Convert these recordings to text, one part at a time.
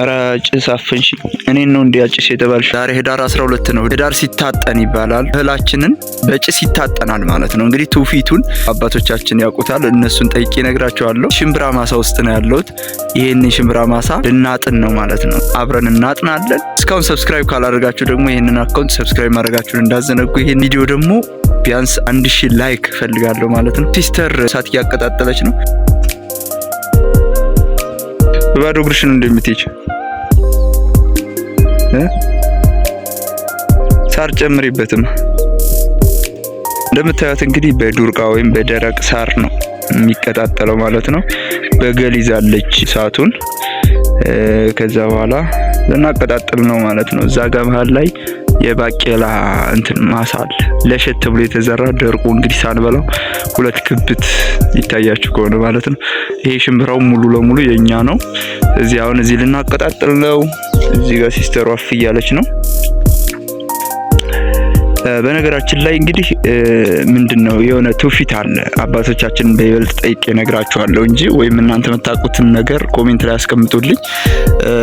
ኧረ ጭስ አፍንሽ እኔን ነው እንዲ ጭስ የተባልሽ? ዛሬ ህዳር 12 ነው። ህዳር ሲታጠን ይባላል። እህላችንን በጭስ ይታጠናል ማለት ነው። እንግዲህ ትውፊቱን አባቶቻችን ያውቁታል። እነሱን ጠይቄ እነግራቸዋለሁ። ሽምብራ ማሳ ውስጥ ነው ያለሁት። ይህን ሽምብራ ማሳ ልናጥን ነው ማለት ነው። አብረን እናጥናለን። እስካሁን ሰብስክራይብ ካላደርጋችሁ ደግሞ ይህንን አካውንት ሰብስክራይብ ማድረጋችሁን እንዳዘነጉ። ይህን ቪዲዮ ደግሞ ቢያንስ አንድ ሺ ላይክ ፈልጋለሁ ማለት ነው። ሲስተር እሳት እያቀጣጠለች ነው። ባዶ እግርሽ ነው እንደምትሄጂ እ ሳር ጨምሪበትም እንደምታዩት እንግዲህ በዱርቃ ወይም በደረቅ ሳር ነው የሚቀጣጠለው ማለት ነው። በገል ይዛለች እሳቱን ከዛ በኋላ ልናቀጣጥል ነው ማለት ነው። እዛ ጋ መሀል ላይ የባቄላ እንትን ማሳ አለ። ለሸት ተብሎ የተዘራ ደርቆ እንግዲህ ሳንበላው ሁለት ክብት ይታያችሁ ከሆነ ማለት ነው። ይሄ ሽምብራው ሙሉ ለሙሉ የኛ ነው። እዚህ አሁን እዚህ ልናቀጣጥል ነው። እዚህ ጋር ሲስተሩ አፍ እያለች ነው። በነገራችን ላይ እንግዲህ ምንድን ነው የሆነ ትውፊት አለ። አባቶቻችን በይበልጥ ጠይቄ ነግራችኋለሁ እንጂ ወይም እናንተ መታቁትን ነገር ኮሜንት ላይ ያስቀምጡልኝ።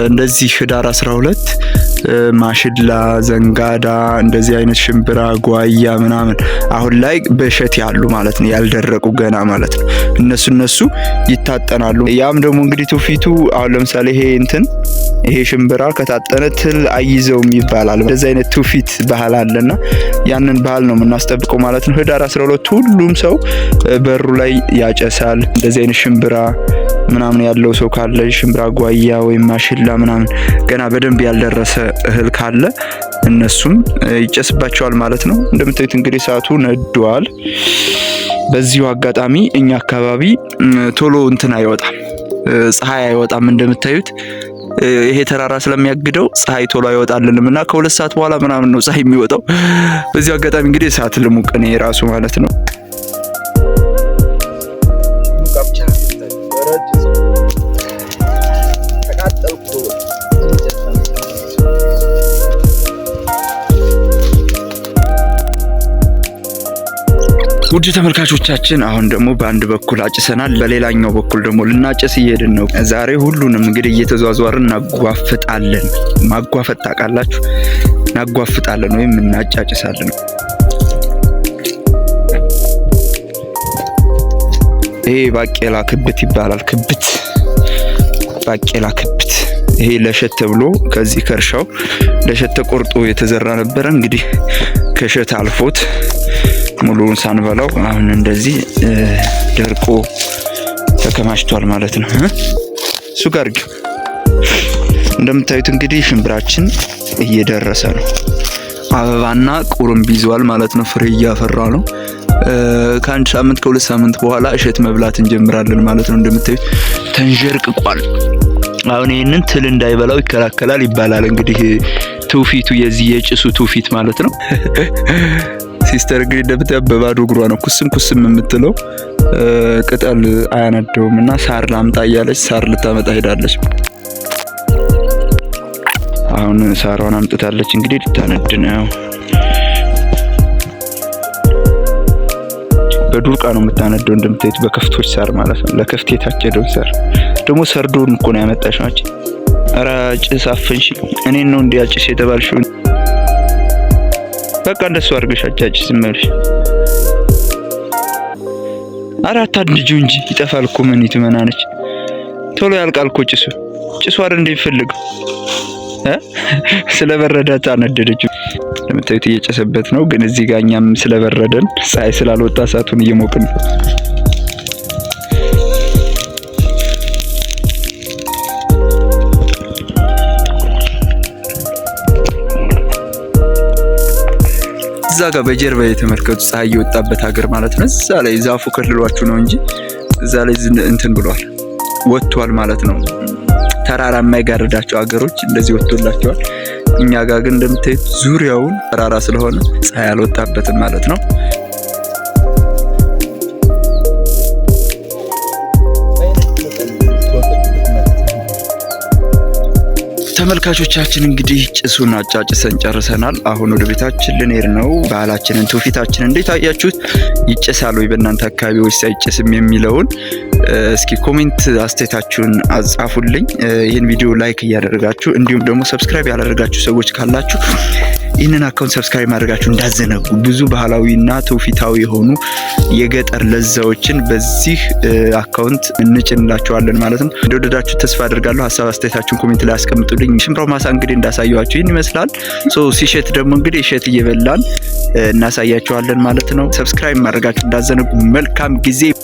እንደዚህ ህዳር 12 ማሽላ፣ ዘንጋዳ እንደዚህ አይነት ሽምብራ፣ ጓያ ምናምን አሁን ላይ በእሸት ያሉ ማለት ነው ያልደረቁ ገና ማለት ነው እነሱ እነሱ ይታጠናሉ። ያም ደግሞ እንግዲህ ትውፊቱ አሁን ለምሳሌ ይሄ እንትን ይሄ ሽምብራ ከታጠነ ትል አይዘውም ይባላል። እንደዚህ አይነት ትውፊት ባህል አለና ያንን ባህል ነው የምናስጠብቀው ማለት ነው። ህዳር 12 ሁሉም ሰው በሩ ላይ ያጨሳል። እንደዚህ አይነት ሽምብራ ምናምን ያለው ሰው ካለ ሽምብራ ጓያ ወይም ማሽላ ምናምን ገና በደንብ ያልደረሰ እህል ካለ እነሱም ይጨስባቸዋል ማለት ነው። እንደምታዩት እንግዲህ ሰዓቱ ነዷል። በዚሁ አጋጣሚ እኛ አካባቢ ቶሎ እንትን አይወጣም፣ ፀሐይ አይወጣም እንደምታዩት ይሄ ተራራ ስለሚያግደው ፀሐይ ቶሎ አይወጣልንም እና ከሁለት ሰዓት በኋላ ምናምን ነው ፀሐይ የሚወጣው። በዚህ አጋጣሚ እንግዲህ ሰዓት ልሙቅ እኔ ራሱ ማለት ነው ውድ ተመልካቾቻችን አሁን ደግሞ በአንድ በኩል አጭሰናል፣ በሌላኛው በኩል ደግሞ ልናጭስ እየሄድን ነው። ዛሬ ሁሉንም እንግዲህ እየተዟዟርን እናጓፍጣለን። ማጓፈጥ ታውቃላችሁ? እናጓፍጣለን ወይም እናጫጭሳለን። ይሄ ባቄላ ክብት ይባላል። ክብት ባቄላ ክብት። ይሄ ለሸት ተብሎ ከዚህ ከእርሻው ለሸት ተቆርጦ የተዘራ ነበረ። እንግዲህ ከሸት አልፎት ሙሉውን ሳንበላው አሁን እንደዚህ ደርቆ ተከማችቷል ማለት ነው። እሱ ጋር እንደምታዩት እንግዲህ ሽምብራችን እየደረሰ ነው። አበባና ቁርምብ ይዟል ማለት ነው። ፍሬ እያፈራ ነው። ከአንድ ሳምንት ከሁለት ሳምንት በኋላ እሸት መብላት እንጀምራለን ማለት ነው። እንደምታዩት ተንዠርቅቋል። አሁን ይህንን ትል እንዳይበላው ይከላከላል ይባላል። እንግዲህ ትውፊቱ የዚህ የጭሱ ትውፊት ማለት ነው። ሲስተር እንግዲህ እንደምታያት በባዶ እግሯ ነው ኩስም ኩስም የምትለው። ቅጠል አያነደውም እና ሳር ላምጣ እያለች ሳር ልታመጣ ሄዳለች። አሁን ሳሯን አምጥታለች እንግዲህ ልታነድ ነው። በዱርቃ ነው የምታነደው እንደምታየት በከፍቶች ሳር ማለት ነው። ለከፍት የታጨደውን ሳር ደግሞ ሰርዶን እኮ ነው ያመጣሽ ናቸው። ኧረ ጭስ አፈንሽ እኔን ነው እንዲያ ጭስ የተባልሽው። በቃ እንደሱ አድርገሽ አጫጭ አራት ኧረ አታድጁ እንጂ ይጠፋል እኮ መኒቱ መናነች። ቶሎ ያልቃል እኮ ጭሱ ጭሱ አይደል እንደሚፈልገው ስለበረዳት አነደደችው። ለምታዩት እየጨሰበት ነው፣ ግን እዚህ ጋር እኛም ስለበረደን ፀሐይ ስላልወጣ እሳቱን እየሞቅን ነው። እዛ ጋር በጀርባ የተመልከቱ ፀሐይ የወጣበት ሀገር ማለት ነው። እዛ ላይ ዛፉ ከልሏችሁ ነው እንጂ እዛ ላይ እንትን ብሏል ወጥቷል ማለት ነው። ተራራ የማይጋርዳቸው ሀገሮች እንደዚህ ወጥቶላቸዋል። እኛ ጋር ግን እንደምታዩት ዙሪያውን ተራራ ስለሆነ ፀሐይ አልወጣበትም ማለት ነው። ተመልካቾቻችን እንግዲህ ጭሱን አጫጭሰን ጨርሰናል። አሁን ወደ ቤታችን ልንሄድ ነው። ባህላችንን፣ ትውፊታችንን እንዴት አያችሁት? ይጭሳል ወይ በእናንተ አካባቢ ወይስ አይጭስም የሚለውን እስኪ ኮሜንት አስተያየታችሁን አጻፉልኝ። ይህን ቪዲዮ ላይክ እያደረጋችሁ እንዲሁም ደግሞ ሰብስክራይብ ያላደረጋችሁ ሰዎች ካላችሁ ይህንን አካውንት ሰብስክራይብ ማድረጋችሁ እንዳዘነጉ። ብዙ ባህላዊና ትውፊታዊ የሆኑ የገጠር ለዛዎችን በዚህ አካውንት እንጭንላችኋለን ማለት ነው። እንደወደዳችሁ ተስፋ አድርጋለሁ። ሀሳብ አስተያየታችሁን ኮሜንት ላይ አስቀምጡልኝ። ሽምብራው ማሳ እንግዲህ እንዳሳየኋችሁ ይህን ይመስላል። ሲሸት ደግሞ እንግዲህ እሸት እየበላን እናሳያችኋለን ማለት ነው። ሰብስክራይብ ማድረጋችሁ እንዳዘነጉ። መልካም ጊዜ